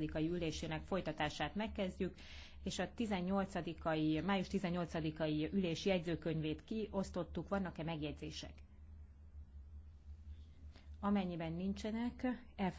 18 ai ülésének folytatását megkezdjük, és a 18-ai, május 18-ai ülés jegyzőkönyvét kiosztottuk. Vannak-e megjegyzések? Amennyiben nincsenek, elfogadjuk.